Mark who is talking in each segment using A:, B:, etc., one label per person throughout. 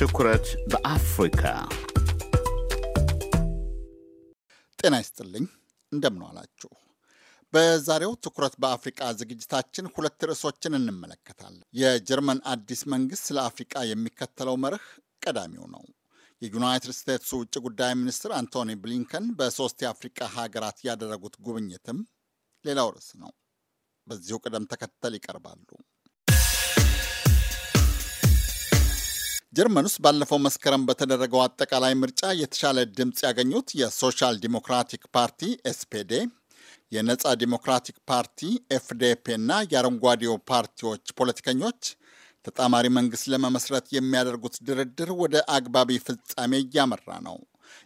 A: ትኩረት በአፍሪካ
B: ጤና ይስጥልኝ። እንደምን አላችሁ? በዛሬው ትኩረት በአፍሪቃ ዝግጅታችን ሁለት ርዕሶችን እንመለከታለን። የጀርመን አዲስ መንግስት ስለ አፍሪቃ የሚከተለው መርህ ቀዳሚው ነው። የዩናይትድ ስቴትስ ውጭ ጉዳይ ሚኒስትር አንቶኒ ብሊንከን በሶስት የአፍሪቃ ሀገራት ያደረጉት ጉብኝትም ሌላው ርዕስ ነው። በዚሁ ቅደም ተከተል ይቀርባሉ። ጀርመን ውስጥ ባለፈው መስከረም በተደረገው አጠቃላይ ምርጫ የተሻለ ድምፅ ያገኙት የሶሻል ዲሞክራቲክ ፓርቲ ኤስፔዴ፣ የነፃ ዲሞክራቲክ ፓርቲ ኤፍዴፔ እና የአረንጓዴው ፓርቲዎች ፖለቲከኞች ተጣማሪ መንግስት ለመመስረት የሚያደርጉት ድርድር ወደ አግባቢ ፍጻሜ እያመራ ነው።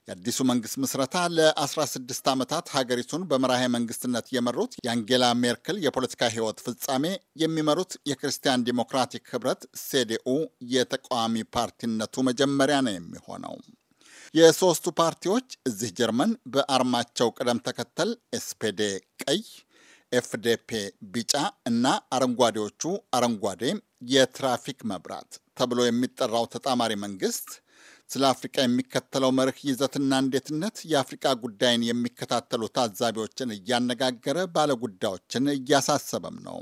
B: የአዲሱ መንግስት ምስረታ ለ16 ዓመታት ሀገሪቱን በመራሄ መንግስትነት የመሩት የአንጌላ ሜርክል የፖለቲካ ህይወት ፍጻሜ የሚመሩት የክርስቲያን ዲሞክራቲክ ህብረት ሴዲኡ የተቃዋሚ ፓርቲነቱ መጀመሪያ ነው የሚሆነው። የሶስቱ ፓርቲዎች እዚህ ጀርመን በአርማቸው ቅደም ተከተል ኤስፔዴ ቀይ፣ ኤፍዴፔ ቢጫ እና አረንጓዴዎቹ አረንጓዴ የትራፊክ መብራት ተብሎ የሚጠራው ተጣማሪ መንግስት ስለ አፍሪቃ የሚከተለው መርህ ይዘትና እንዴትነት የአፍሪቃ ጉዳይን የሚከታተሉ ታዛቢዎችን እያነጋገረ ባለጉዳዮችን እያሳሰበም ነው።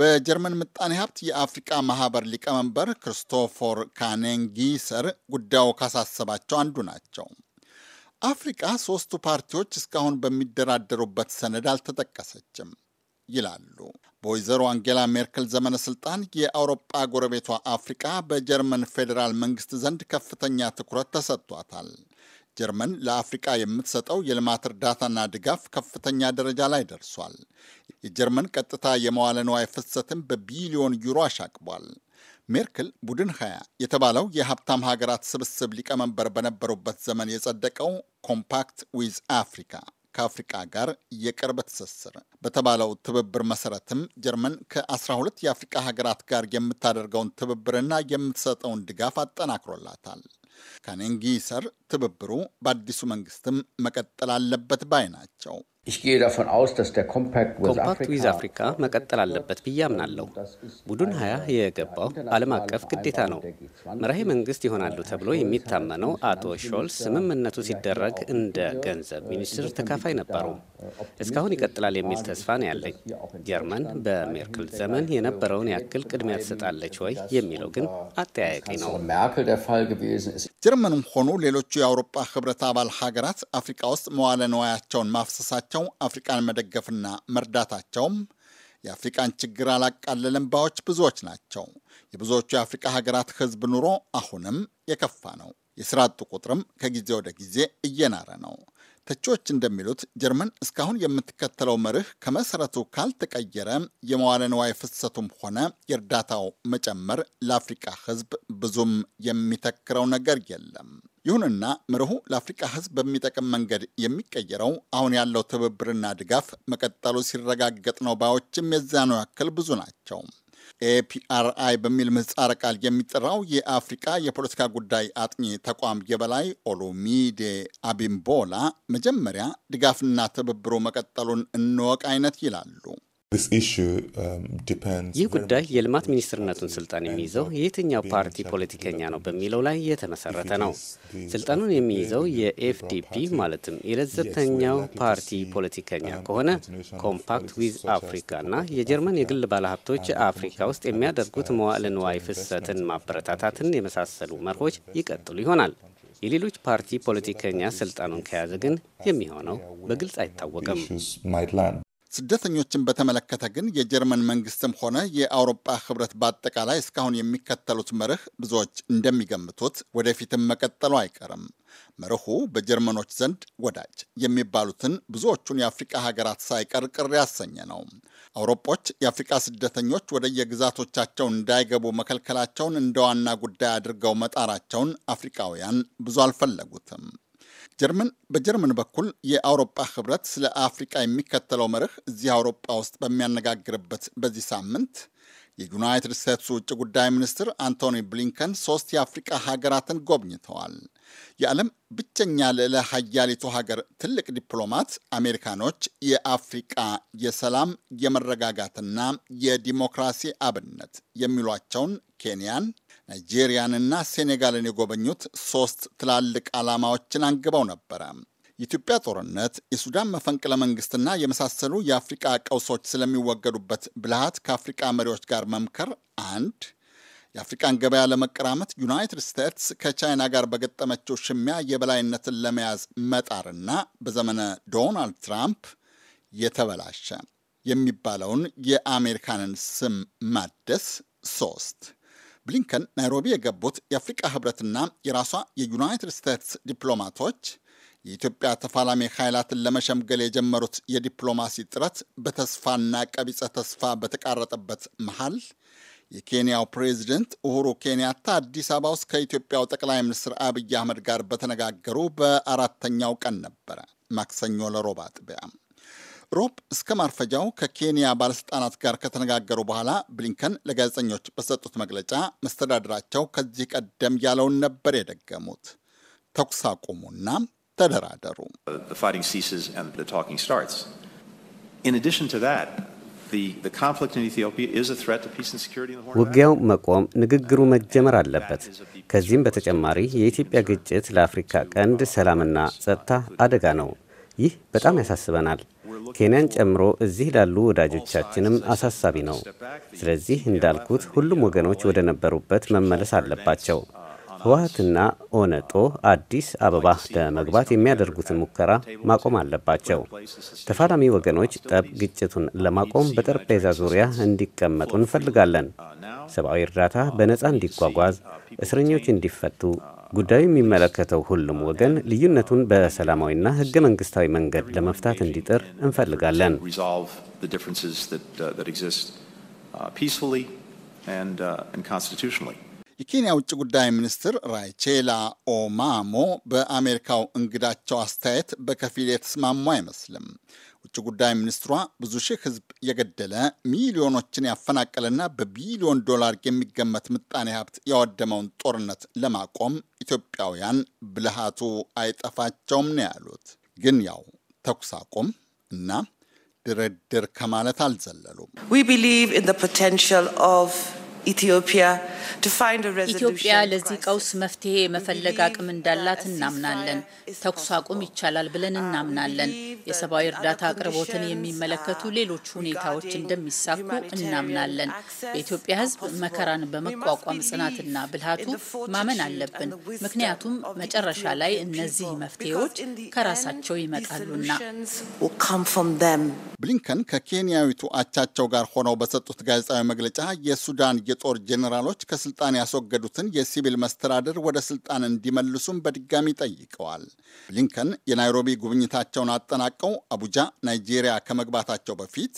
B: በጀርመን ምጣኔ ሀብት የአፍሪቃ ማህበር ሊቀመንበር ክርስቶፎር ካኔንጊሰር ጉዳዩ ካሳሰባቸው አንዱ ናቸው። አፍሪቃ ሶስቱ ፓርቲዎች እስካሁን በሚደራደሩበት ሰነድ አልተጠቀሰችም። ይላሉ። በወይዘሮ አንጌላ ሜርክል ዘመነ ስልጣን የአውሮጳ ጎረቤቷ አፍሪቃ በጀርመን ፌዴራል መንግስት ዘንድ ከፍተኛ ትኩረት ተሰጥቷታል። ጀርመን ለአፍሪቃ የምትሰጠው የልማት እርዳታና ድጋፍ ከፍተኛ ደረጃ ላይ ደርሷል። የጀርመን ቀጥታ የመዋለ ንዋይ ፍሰትም በቢሊዮን ዩሮ አሻቅቧል። ሜርክል ቡድን 20 የተባለው የሀብታም ሀገራት ስብስብ ሊቀመንበር በነበሩበት ዘመን የጸደቀው ኮምፓክት ዊዝ አፍሪካ ከአፍሪቃ ጋር የቅርብ ትስስር በተባለው ትብብር መሰረትም ጀርመን ከ12 የአፍሪቃ ሀገራት ጋር የምታደርገውን ትብብርና የምትሰጠውን ድጋፍ አጠናክሮላታል። ካኔንጊ ሰር ትብብሩ በአዲሱ መንግስትም መቀጠል አለበት ባይ ናቸው። ኮምፓክት ዊዝ አፍሪካ
A: መቀጠል አለበት ብዬ አምናለሁ። ቡድን ሀያ የገባው ዓለም አቀፍ ግዴታ ነው። መራሄ መንግስት ይሆናሉ ተብሎ የሚታመነው አቶ ሾልስ ስምምነቱ ሲደረግ እንደ ገንዘብ ሚኒስትር ተካፋይ ነበሩ። እስካሁን ይቀጥላል የሚል ተስፋ ነው ያለኝ። ጀርመን በሜርክል ዘመን የነበረውን ያክል ቅድሚያ ትሰጣለች
B: ወይ የሚለው ግን አጠያያቂ ነው። ጀርመንም ሆኑ ሌሎቹ የአውሮፓ ህብረት አባል ሀገራት አፍሪካ ውስጥ መዋለ ነዋያቸውን ማፍሰሳቸው መሆናቸው አፍሪቃን መደገፍና መርዳታቸውም የአፍሪቃን ችግር አላቃለለም ባዮች ብዙዎች ናቸው። የብዙዎቹ የአፍሪቃ ሀገራት ህዝብ ኑሮ አሁንም የከፋ ነው። የስራ አጡ ቁጥርም ከጊዜ ወደ ጊዜ እየናረ ነው። ተቺዎች እንደሚሉት ጀርመን እስካሁን የምትከተለው መርህ ከመሰረቱ ካልተቀየረ የመዋለ ንዋይ ፍሰቱም ሆነ የእርዳታው መጨመር ለአፍሪቃ ህዝብ ብዙም የሚተክረው ነገር የለም። ይሁንና መርሁ ለአፍሪካ ሕዝብ በሚጠቅም መንገድ የሚቀየረው አሁን ያለው ትብብርና ድጋፍ መቀጠሉ ሲረጋገጥ ነው ባዮችም የዛኑ ያክል ብዙ ናቸው። ኤፒአርአይ በሚል ምህጻረ ቃል የሚጠራው የአፍሪቃ የፖለቲካ ጉዳይ አጥኚ ተቋም የበላይ ኦሎሚዴ አቢምቦላ መጀመሪያ ድጋፍና ትብብሩ መቀጠሉን እንወቅ አይነት ይላሉ።
C: Um, ይህ ጉዳይ
B: የልማት ሚኒስትርነቱን
A: ስልጣን የሚይዘው የየትኛው ፓርቲ ፖለቲከኛ ነው በሚለው ላይ የተመሰረተ ነው። ስልጣኑን የሚይዘው የኤፍዲፒ ማለትም የለዘብተኛው ፓርቲ ፖለቲከኛ ከሆነ ኮምፓክት ዊዝ አፍሪካ እና የጀርመን የግል ባለሀብቶች አፍሪካ ውስጥ የሚያደርጉት መዋዕለ ንዋይ ፍሰትን ማበረታታትን የመሳሰሉ መርሆች ይቀጥሉ ይሆናል። የሌሎች
B: ፓርቲ ፖለቲከኛ ስልጣኑን ከያዘ ግን የሚሆነው በግልጽ አይታወቅም። ስደተኞችን በተመለከተ ግን የጀርመን መንግስትም ሆነ የአውሮፓ ህብረት በአጠቃላይ እስካሁን የሚከተሉት መርህ ብዙዎች እንደሚገምቱት ወደፊትም መቀጠሉ አይቀርም። መርሁ በጀርመኖች ዘንድ ወዳጅ የሚባሉትን ብዙዎቹን የአፍሪቃ ሀገራት ሳይቀር ቅር ያሰኘ ነው። አውሮጶች የአፍሪቃ ስደተኞች ወደ የግዛቶቻቸው እንዳይገቡ መከልከላቸውን እንደ ዋና ጉዳይ አድርገው መጣራቸውን አፍሪቃውያን ብዙ አልፈለጉትም። ጀርመን በጀርመን በኩል የአውሮፓ ህብረት ስለ አፍሪቃ የሚከተለው መርህ እዚህ አውሮፓ ውስጥ በሚያነጋግርበት በዚህ ሳምንት የዩናይትድ ስቴትስ ውጭ ጉዳይ ሚኒስትር አንቶኒ ብሊንከን ሶስት የአፍሪቃ ሀገራትን ጎብኝተዋል። የዓለም ብቸኛ ልዕለ ሀያሊቱ ሀገር ትልቅ ዲፕሎማት አሜሪካኖች የአፍሪቃ የሰላም የመረጋጋትና የዲሞክራሲ አብነት የሚሏቸውን ኬንያን ናይጄሪያንና ሴኔጋልን የጎበኙት ሶስት ትላልቅ ዓላማዎችን አንግበው ነበረ። የኢትዮጵያ ጦርነት፣ የሱዳን መፈንቅለ መንግስትና የመሳሰሉ የአፍሪቃ ቀውሶች ስለሚወገዱበት ብልሃት ከአፍሪቃ መሪዎች ጋር መምከር አንድ የአፍሪቃን ገበያ ለመቀራመት ዩናይትድ ስቴትስ ከቻይና ጋር በገጠመችው ሽሚያ የበላይነትን ለመያዝ መጣርና በዘመነ ዶናልድ ትራምፕ የተበላሸ የሚባለውን የአሜሪካንን ስም ማደስ ሶስት ብሊንከን ናይሮቢ የገቡት የአፍሪቃ ህብረትና የራሷ የዩናይትድ ስቴትስ ዲፕሎማቶች የኢትዮጵያ ተፋላሚ ኃይላትን ለመሸምገል የጀመሩት የዲፕሎማሲ ጥረት በተስፋና ቀቢጸ ተስፋ በተቃረጠበት መሃል የኬንያው ፕሬዚደንት ኡሁሩ ኬንያታ አዲስ አበባ ውስጥ ከኢትዮጵያው ጠቅላይ ሚኒስትር አብይ አህመድ ጋር በተነጋገሩ በአራተኛው ቀን ነበረ ማክሰኞ ለሮባ አጥቢያ ሮብ እስከ ማርፈጃው ከኬንያ ባለስልጣናት ጋር ከተነጋገሩ በኋላ ብሊንከን ለጋዜጠኞች በሰጡት መግለጫ መስተዳድራቸው ከዚህ ቀደም ያለውን ነበር የደገሙት። ተኩስ አቁሙና ተደራደሩ። ውጊያው
A: መቆም፣ ንግግሩ መጀመር አለበት። ከዚህም በተጨማሪ የኢትዮጵያ ግጭት ለአፍሪካ ቀንድ ሰላምና ጸጥታ አደጋ ነው። ይህ በጣም ያሳስበናል። ኬንያን ጨምሮ እዚህ ላሉ ወዳጆቻችንም አሳሳቢ ነው። ስለዚህ እንዳልኩት ሁሉም ወገኖች ወደ ነበሩበት መመለስ አለባቸው። ህወሀትና ኦነጦ አዲስ አበባ ለመግባት የሚያደርጉትን ሙከራ ማቆም አለባቸው። ተፋላሚ ወገኖች ጠብ ግጭቱን ለማቆም በጠረጴዛ ዙሪያ እንዲቀመጡ እንፈልጋለን። ሰብአዊ እርዳታ በነፃ እንዲጓጓዝ፣ እስረኞች እንዲፈቱ ጉዳዩ የሚመለከተው ሁሉም ወገን ልዩነቱን በሰላማዊና ህገ መንግስታዊ መንገድ ለመፍታት እንዲጥር እንፈልጋለን።
C: uh, uh,
B: uh, የኬንያ ውጭ ጉዳይ ሚኒስትር ራይቼላ ኦማሞ በአሜሪካው እንግዳቸው አስተያየት በከፊል የተስማሙ አይመስልም። ውጭ ጉዳይ ሚኒስትሯ ብዙ ሺህ ህዝብ የገደለ ሚሊዮኖችን ያፈናቀለና በቢሊዮን ዶላር የሚገመት ምጣኔ ሀብት ያወደመውን ጦርነት ለማቆም ኢትዮጵያውያን ብልሃቱ አይጠፋቸውም ነው ያሉት። ግን ያው ተኩስ አቁም እና ድርድር ከማለት አልዘለሉም። ኢትዮጵያ ኢትዮጵያ ለዚህ ቀውስ መፍትሄ የመፈለግ አቅም እንዳላት እናምናለን። ተኩስ አቁም ይቻላል ብለን እናምናለን። የሰብአዊ እርዳታ አቅርቦትን የሚመለከቱ uh, ሌሎች ሁኔታዎች እንደሚሳኩ እናምናለን። በኢትዮጵያ ሕዝብ መከራን በመቋቋም ጽናትና ብልሃቱ ማመን አለብን። ምክንያቱም መጨረሻ ላይ እነዚህ መፍትሄዎች ከራሳቸው ይመጣሉና። ብሊንከን ከኬንያዊቱ አቻቸው ጋር ሆነው በሰጡት ጋዜጣዊ መግለጫ የሱዳን የጦር ጄኔራሎች ከስልጣን ያስወገዱትን የሲቪል መስተዳደር ወደ ስልጣን እንዲመልሱም በድጋሚ ጠይቀዋል። ብሊንከን የናይሮቢ ጉብኝታቸውን አጠናቀው አቡጃ ናይጄሪያ ከመግባታቸው በፊት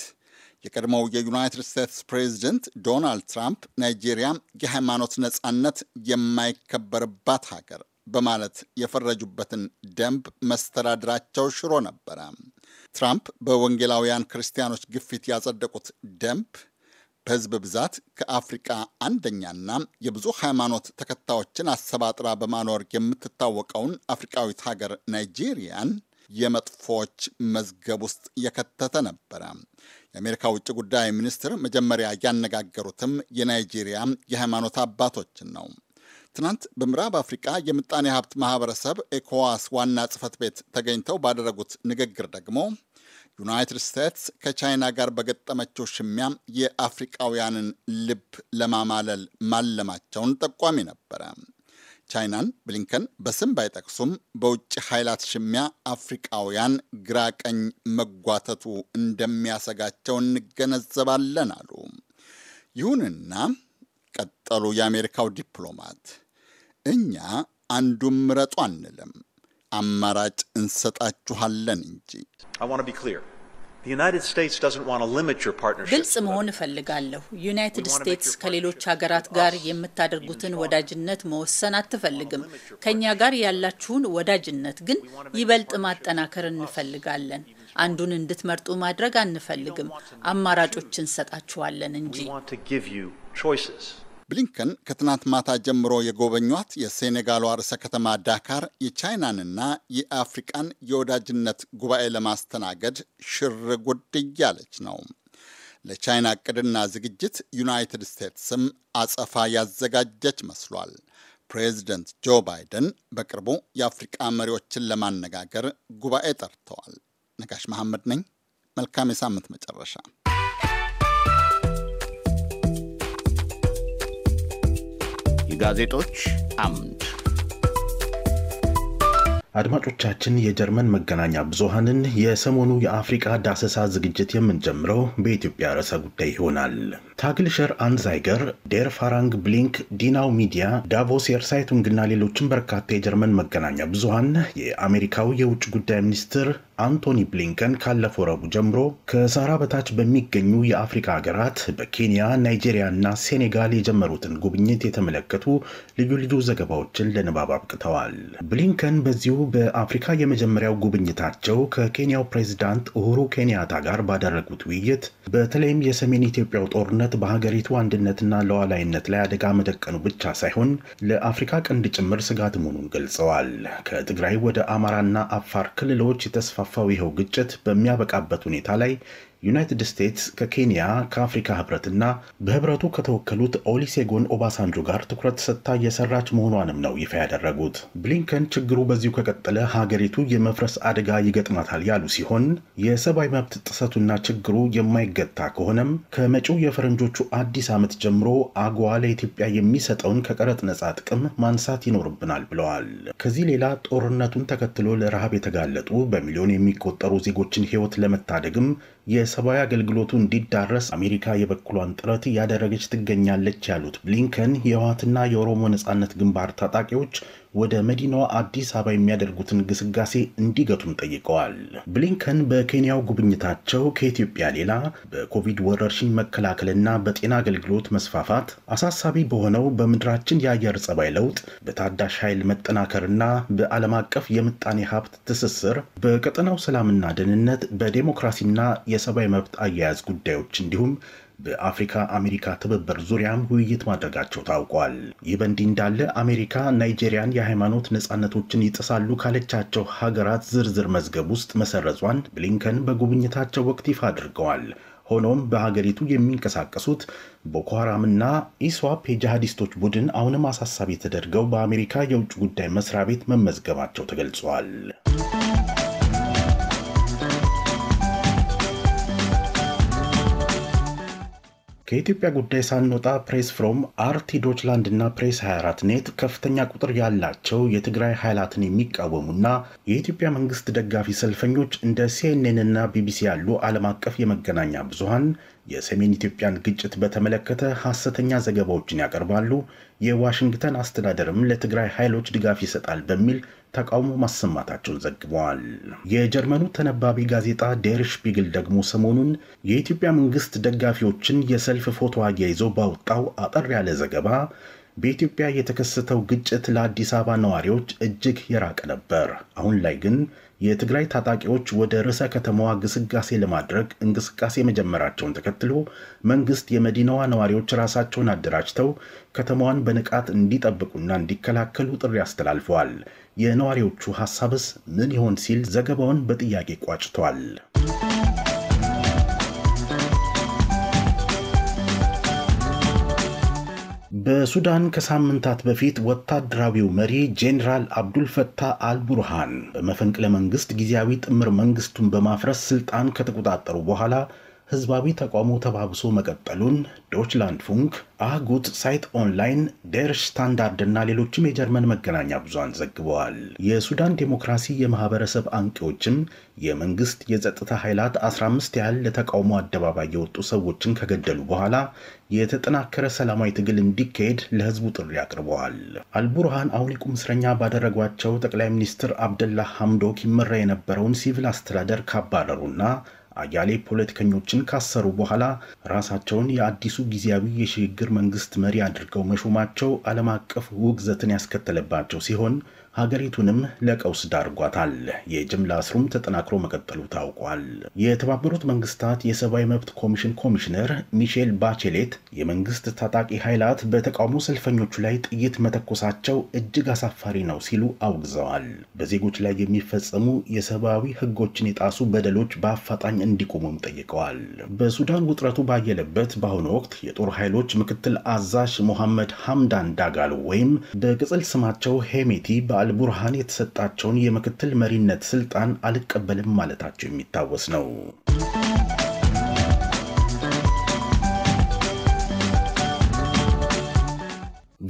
B: የቀድሞው የዩናይትድ ስቴትስ ፕሬዚደንት ዶናልድ ትራምፕ ናይጄሪያ የሃይማኖት ነጻነት የማይከበርባት ሀገር በማለት የፈረጁበትን ደንብ መስተዳድራቸው ሽሮ ነበረ። ትራምፕ በወንጌላውያን ክርስቲያኖች ግፊት ያጸደቁት ደንብ በህዝብ ብዛት ከአፍሪቃ አንደኛና የብዙ ሃይማኖት ተከታዮችን አሰባጥራ በማኖር የምትታወቀውን አፍሪቃዊት ሀገር ናይጄሪያን የመጥፎች መዝገብ ውስጥ የከተተ ነበረ። የአሜሪካ ውጭ ጉዳይ ሚኒስትር መጀመሪያ ያነጋገሩትም የናይጄሪያ የሃይማኖት አባቶችን ነው። ትናንት በምዕራብ አፍሪቃ የምጣኔ ሀብት ማህበረሰብ ኤኮዋስ ዋና ጽህፈት ቤት ተገኝተው ባደረጉት ንግግር ደግሞ ዩናይትድ ስቴትስ ከቻይና ጋር በገጠመችው ሽሚያም የአፍሪቃውያንን ልብ ለማማለል ማለማቸውን ጠቋሚ ነበረ። ቻይናን ብሊንከን በስም ባይጠቅሱም በውጭ ኃይላት ሽሚያ አፍሪቃውያን ግራ ቀኝ መጓተቱ እንደሚያሰጋቸው እንገነዘባለን አሉ። ይሁንና ቀጠሉ የአሜሪካው ዲፕሎማት፣ እኛ አንዱም ምረጡ አንልም አማራጭ እንሰጣችኋለን እንጂ። ግልጽ መሆን እፈልጋለሁ። ዩናይትድ ስቴትስ ከሌሎች ሀገራት ጋር የምታደርጉትን ወዳጅነት መወሰን አትፈልግም። ከእኛ ጋር ያላችሁን ወዳጅነት ግን ይበልጥ ማጠናከር እንፈልጋለን። አንዱን እንድትመርጡ ማድረግ አንፈልግም። አማራጮች እንሰጣችኋለን እንጂ ብሊንከን ከትናንት ማታ ጀምሮ የጎበኟት የሴኔጋሏ ርዕሰ ከተማ ዳካር የቻይናንና የአፍሪቃን የወዳጅነት ጉባኤ ለማስተናገድ ሽር ጉድ እያለች ነው። ለቻይና እቅድና ዝግጅት ዩናይትድ ስቴትስም አጸፋ ያዘጋጀች መስሏል። ፕሬዚደንት ጆ ባይደን በቅርቡ የአፍሪቃ መሪዎችን ለማነጋገር ጉባኤ ጠርተዋል። ነጋሽ መሐመድ ነኝ። መልካም የሳምንት መጨረሻ ጋዜጦች አምድ
C: አድማጮቻችን የጀርመን መገናኛ ብዙሃንን የሰሞኑ የአፍሪቃ ዳሰሳ ዝግጅት የምንጀምረው በኢትዮጵያ ርዕሰ ጉዳይ ይሆናል። ታግልሸር አንዛይገር፣ ዴር ፋራንግ ብሊንክ፣ ዲናው ሚዲያ፣ ዳቮስ የርሳይቱንግና ሌሎችን በርካታ የጀርመን መገናኛ ብዙሃን የአሜሪካው የውጭ ጉዳይ ሚኒስትር አንቶኒ ብሊንከን ካለፈው ረቡዕ ጀምሮ ከሳራ በታች በሚገኙ የአፍሪካ ሀገራት በኬንያ፣ ናይጄሪያ እና ሴኔጋል የጀመሩትን ጉብኝት የተመለከቱ ልዩ ልዩ ዘገባዎችን ለንባብ አብቅተዋል። ብሊንከን በዚሁ በአፍሪካ የመጀመሪያው ጉብኝታቸው ከኬንያው ፕሬዚዳንት ኡሁሩ ኬንያታ ጋር ባደረጉት ውይይት በተለይም የሰሜን ኢትዮጵያው ጦርነት በሀገሪቱ አንድነትና ሉዓላዊነት ላይ አደጋ መደቀኑ ብቻ ሳይሆን ለአፍሪካ ቀንድ ጭምር ስጋት መሆኑን ገልጸዋል። ከትግራይ ወደ አማራና አፋር ክልሎች የተስፋፋ የተስፋፋው ይኸው ግጭት በሚያበቃበት ሁኔታ ላይ ዩናይትድ ስቴትስ ከኬንያ ከአፍሪካ ህብረትና በህብረቱ ከተወከሉት ኦሊሴጎን ኦባሳንጆ ጋር ትኩረት ሰጥታ እየሰራች መሆኗንም ነው ይፋ ያደረጉት። ብሊንከን ችግሩ በዚሁ ከቀጠለ ሀገሪቱ የመፍረስ አደጋ ይገጥማታል ያሉ ሲሆን የሰብአዊ መብት ጥሰቱና ችግሩ የማይገታ ከሆነም ከመጪው የፈረንጆቹ አዲስ ዓመት ጀምሮ አጓ ለኢትዮጵያ የሚሰጠውን ከቀረጥ ነጻ ጥቅም ማንሳት ይኖርብናል ብለዋል። ከዚህ ሌላ ጦርነቱን ተከትሎ ለረሃብ የተጋለጡ በሚሊዮን የሚቆጠሩ ዜጎችን ህይወት ለመታደግም የሰብአዊ አገልግሎቱ እንዲዳረስ አሜሪካ የበኩሏን ጥረት እያደረገች ትገኛለች ያሉት ብሊንከን የህወሓትና የኦሮሞ ነጻነት ግንባር ታጣቂዎች ወደ መዲናዋ አዲስ አበባ የሚያደርጉትን ግስጋሴ እንዲገቱም ጠይቀዋል። ብሊንከን በኬንያው ጉብኝታቸው ከኢትዮጵያ ሌላ በኮቪድ ወረርሽኝ መከላከልና በጤና አገልግሎት መስፋፋት አሳሳቢ በሆነው በምድራችን የአየር ጸባይ ለውጥ በታዳሽ ኃይል መጠናከርና በዓለም አቀፍ የምጣኔ ሀብት ትስስር በቀጠናው ሰላምና ደህንነት በዴሞክራሲና የሰብአዊ መብት አያያዝ ጉዳዮች እንዲሁም በአፍሪካ አሜሪካ ትብብር ዙሪያም ውይይት ማድረጋቸው ታውቋል። ይህ በእንዲህ እንዳለ አሜሪካ ናይጄሪያን የሃይማኖት ነጻነቶችን ይጥሳሉ ካለቻቸው ሀገራት ዝርዝር መዝገብ ውስጥ መሰረዟን ብሊንከን በጉብኝታቸው ወቅት ይፋ አድርገዋል። ሆኖም በሀገሪቱ የሚንቀሳቀሱት ቦኮ ሐራምና ኢስዋፕ የጂሃዲስቶች ቡድን አሁንም አሳሳቢ ተደርገው በአሜሪካ የውጭ ጉዳይ መስሪያ ቤት መመዝገባቸው ተገልጿል። ከኢትዮጵያ ጉዳይ ሳንወጣ ፕሬስ ፍሮም አርቲ ዶችላንድ እና ፕሬስ 24 ኔት ከፍተኛ ቁጥር ያላቸው የትግራይ ኃይላትን የሚቃወሙና የኢትዮጵያ መንግስት ደጋፊ ሰልፈኞች እንደ ሲኤንኤን እና ቢቢሲ ያሉ ዓለም አቀፍ የመገናኛ ብዙሃን የሰሜን ኢትዮጵያን ግጭት በተመለከተ ሐሰተኛ ዘገባዎችን ያቀርባሉ፣ የዋሽንግተን አስተዳደርም ለትግራይ ኃይሎች ድጋፍ ይሰጣል በሚል ተቃውሞ ማሰማታቸውን ዘግበዋል። የጀርመኑ ተነባቢ ጋዜጣ ዴርሽፒግል ደግሞ ሰሞኑን የኢትዮጵያ መንግስት ደጋፊዎችን የሰልፍ ፎቶ አያይዞ ባወጣው አጠር ያለ ዘገባ በኢትዮጵያ የተከሰተው ግጭት ለአዲስ አበባ ነዋሪዎች እጅግ የራቀ ነበር፣ አሁን ላይ ግን የትግራይ ታጣቂዎች ወደ ርዕሰ ከተማዋ ግስጋሴ ለማድረግ እንቅስቃሴ መጀመራቸውን ተከትሎ መንግስት የመዲናዋ ነዋሪዎች ራሳቸውን አደራጅተው ከተማዋን በንቃት እንዲጠብቁና እንዲከላከሉ ጥሪ አስተላልፈዋል። የነዋሪዎቹ ሀሳብስ ምን ይሆን ሲል ዘገባውን በጥያቄ ቋጭቷል። በሱዳን ከሳምንታት በፊት ወታደራዊው መሪ ጄኔራል አብዱልፈታህ አልቡርሃን በመፈንቅለ መንግስት ጊዜያዊ ጥምር መንግስቱን በማፍረስ ስልጣን ከተቆጣጠሩ በኋላ ህዝባዊ ተቃውሞ ተባብሶ መቀጠሉን ዶችላንድ ፉንክ፣ አህጉት፣ ሳይት ኦንላይን፣ ደር ስታንዳርድ እና ሌሎችም የጀርመን መገናኛ ብዙሃን ዘግበዋል። የሱዳን ዴሞክራሲ የማህበረሰብ አንቂዎችም የመንግስት የጸጥታ ኃይላት 15 ያህል ለተቃውሞ አደባባይ የወጡ ሰዎችን ከገደሉ በኋላ የተጠናከረ ሰላማዊ ትግል እንዲካሄድ ለህዝቡ ጥሪ አቅርበዋል። አልቡርሃን አውሊቁም እስረኛ ባደረጓቸው ጠቅላይ ሚኒስትር አብደላህ ሐምዶክ ይመራ የነበረውን ሲቪል አስተዳደር ካባረሩና አያሌ ፖለቲከኞችን ካሰሩ በኋላ ራሳቸውን የአዲሱ ጊዜያዊ የሽግግር መንግስት መሪ አድርገው መሾማቸው ዓለም አቀፍ ውግዘትን ያስከተለባቸው ሲሆን ሀገሪቱንም ለቀውስ ዳርጓታል። የጅምላ እስሩም ተጠናክሮ መቀጠሉ ታውቋል። የተባበሩት መንግስታት የሰብአዊ መብት ኮሚሽን ኮሚሽነር ሚሼል ባቼሌት የመንግስት ታጣቂ ኃይላት በተቃውሞ ሰልፈኞቹ ላይ ጥይት መተኮሳቸው እጅግ አሳፋሪ ነው ሲሉ አውግዘዋል። በዜጎች ላይ የሚፈጸሙ የሰብአዊ ህጎችን የጣሱ በደሎች በአፋጣኝ እንዲቆሙም ጠይቀዋል። በሱዳን ውጥረቱ ባየለበት በአሁኑ ወቅት የጦር ኃይሎች ምክትል አዛዥ ሞሐመድ ሐምዳን ዳጋሉ ወይም በቅጽል ስማቸው ሄሜቲ በ አልቡርሃን የተሰጣቸውን የምክትል መሪነት ስልጣን አልቀበልም ማለታቸው የሚታወስ ነው።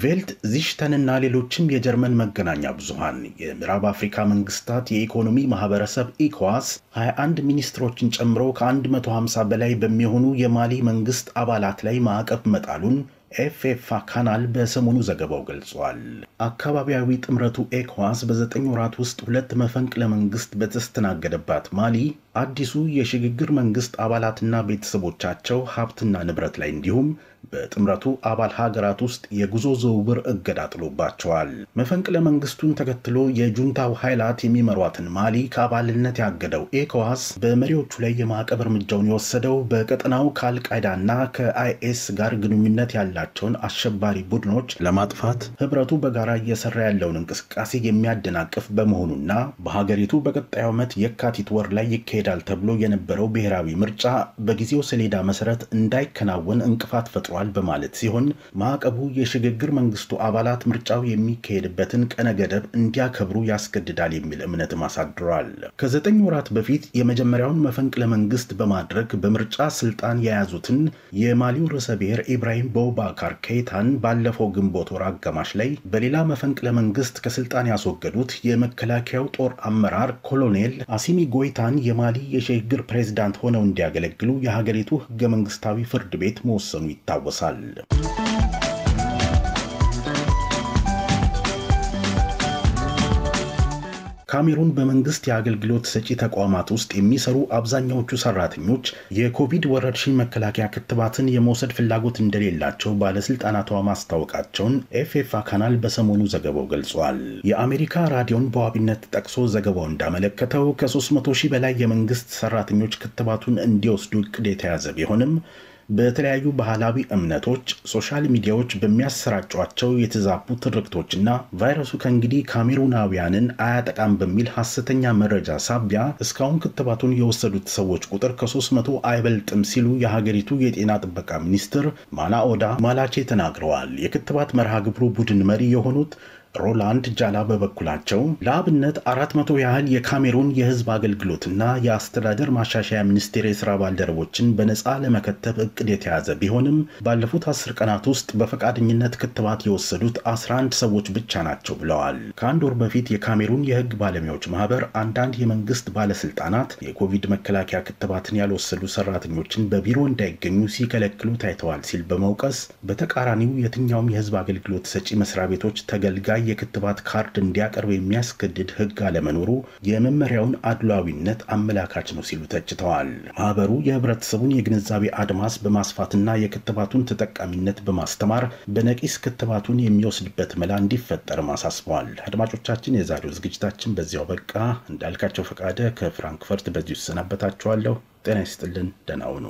C: ቬልት ዚሽተንና ሌሎችም የጀርመን መገናኛ ብዙሃን የምዕራብ አፍሪካ መንግስታት የኢኮኖሚ ማህበረሰብ ኢኮዋስ 21 ሚኒስትሮችን ጨምሮ ከ150 በላይ በሚሆኑ የማሊ መንግስት አባላት ላይ ማዕቀብ መጣሉን ኤፍኤፋ ካናል በሰሞኑ ዘገባው ገልጿል። አካባቢያዊ ጥምረቱ ኤኳስ በዘጠኝ ወራት ውስጥ ሁለት መፈንቅለ መንግስት በተስተናገደባት ማሊ አዲሱ የሽግግር መንግስት አባላትና ቤተሰቦቻቸው ሀብትና ንብረት ላይ እንዲሁም በጥምረቱ አባል ሀገራት ውስጥ የጉዞ ዝውውር እገዳ ጥሎባቸዋል። መፈንቅለ መንግስቱን ተከትሎ የጁንታው ኃይላት የሚመሯትን ማሊ ከአባልነት ያገደው ኤኮዋስ በመሪዎቹ ላይ የማዕቀብ እርምጃውን የወሰደው በቀጠናው ከአልቃይዳና ከአይኤስ ጋር ግንኙነት ያላቸውን አሸባሪ ቡድኖች ለማጥፋት ህብረቱ በጋራ እየሰራ ያለውን እንቅስቃሴ የሚያደናቅፍ በመሆኑና በሀገሪቱ በቀጣዩ ዓመት የካቲት ወር ላይ ይካሄዳል ይካሄዳል ተብሎ የነበረው ብሔራዊ ምርጫ በጊዜው ሰሌዳ መሰረት እንዳይከናወን እንቅፋት ፈጥሯል በማለት ሲሆን ማዕቀቡ የሽግግር መንግስቱ አባላት ምርጫው የሚካሄድበትን ቀነ ገደብ እንዲያከብሩ ያስገድዳል የሚል እምነትም አሳድሯል። ከዘጠኝ ወራት በፊት የመጀመሪያውን መፈንቅለ መንግስት በማድረግ በምርጫ ስልጣን የያዙትን የማሊው ርዕሰ ብሔር ኢብራሂም ቦባካር ኬይታን ባለፈው ግንቦት ወር አጋማሽ ላይ በሌላ መፈንቅለ መንግስት ከስልጣን ያስወገዱት የመከላከያው ጦር አመራር ኮሎኔል አሲሚ ጎይታን የማ አሊ የሽግግር ፕሬዝዳንት ሆነው እንዲያገለግሉ የሀገሪቱ ህገ መንግስታዊ ፍርድ ቤት መወሰኑ ይታወሳል። ካሜሩን በመንግስት የአገልግሎት ሰጪ ተቋማት ውስጥ የሚሰሩ አብዛኛዎቹ ሰራተኞች የኮቪድ ወረርሽኝ መከላከያ ክትባትን የመውሰድ ፍላጎት እንደሌላቸው ባለስልጣናቷ ማስታወቃቸውን ኤፍኤፍ ካናል በሰሞኑ ዘገባው ገልጿል። የአሜሪካ ራዲዮን በዋቢነት ጠቅሶ ዘገባው እንዳመለከተው ከ300 ሺህ በላይ የመንግስት ሰራተኞች ክትባቱን እንዲወስዱ እቅድ የተያዘ ቢሆንም በተለያዩ ባህላዊ እምነቶች ሶሻል ሚዲያዎች በሚያሰራጯቸው የተዛቡ ትርክቶችና ቫይረሱ ከእንግዲህ ካሜሩናውያንን አያጠቃም በሚል ሐሰተኛ መረጃ ሳቢያ እስካሁን ክትባቱን የወሰዱት ሰዎች ቁጥር ከ መቶ አይበልጥም ሲሉ የሀገሪቱ የጤና ጥበቃ ሚኒስትር ማላኦዳ ማላቼ ተናግረዋል። የክትባት መርሃ ግብሩ ቡድን መሪ የሆኑት ሮላንድ ጃላ በበኩላቸው ለአብነት አራት መቶ ያህል የካሜሩን የህዝብ አገልግሎትና የአስተዳደር ማሻሻያ ሚኒስቴር የስራ ባልደረቦችን በነፃ ለመከተብ እቅድ የተያዘ ቢሆንም ባለፉት አስር ቀናት ውስጥ በፈቃደኝነት ክትባት የወሰዱት 11 ሰዎች ብቻ ናቸው ብለዋል። ከአንድ ወር በፊት የካሜሩን የህግ ባለሙያዎች ማህበር አንዳንድ የመንግስት ባለስልጣናት የኮቪድ መከላከያ ክትባትን ያልወሰዱ ሰራተኞችን በቢሮ እንዳይገኙ ሲከለክሉ ታይተዋል ሲል በመውቀስ በተቃራኒው የትኛውም የህዝብ አገልግሎት ሰጪ መስሪያ ቤቶች ተገልጋይ ላይ የክትባት ካርድ እንዲያቀርብ የሚያስገድድ ህግ አለመኖሩ የመመሪያውን አድሏዊነት አመላካች ነው ሲሉ ተችተዋል። ማህበሩ የህብረተሰቡን የግንዛቤ አድማስ በማስፋትና የክትባቱን ተጠቃሚነት በማስተማር በነቂስ ክትባቱን የሚወስድበት መላ እንዲፈጠር አሳስበዋል። አድማጮቻችን፣ የዛሬው ዝግጅታችን በዚያው በቃ። እንዳልካቸው ፈቃደ ከፍራንክፈርት በዚሁ ይሰናበታችኋለሁ። ጤና ይስጥልን። ደህና ሁኑ።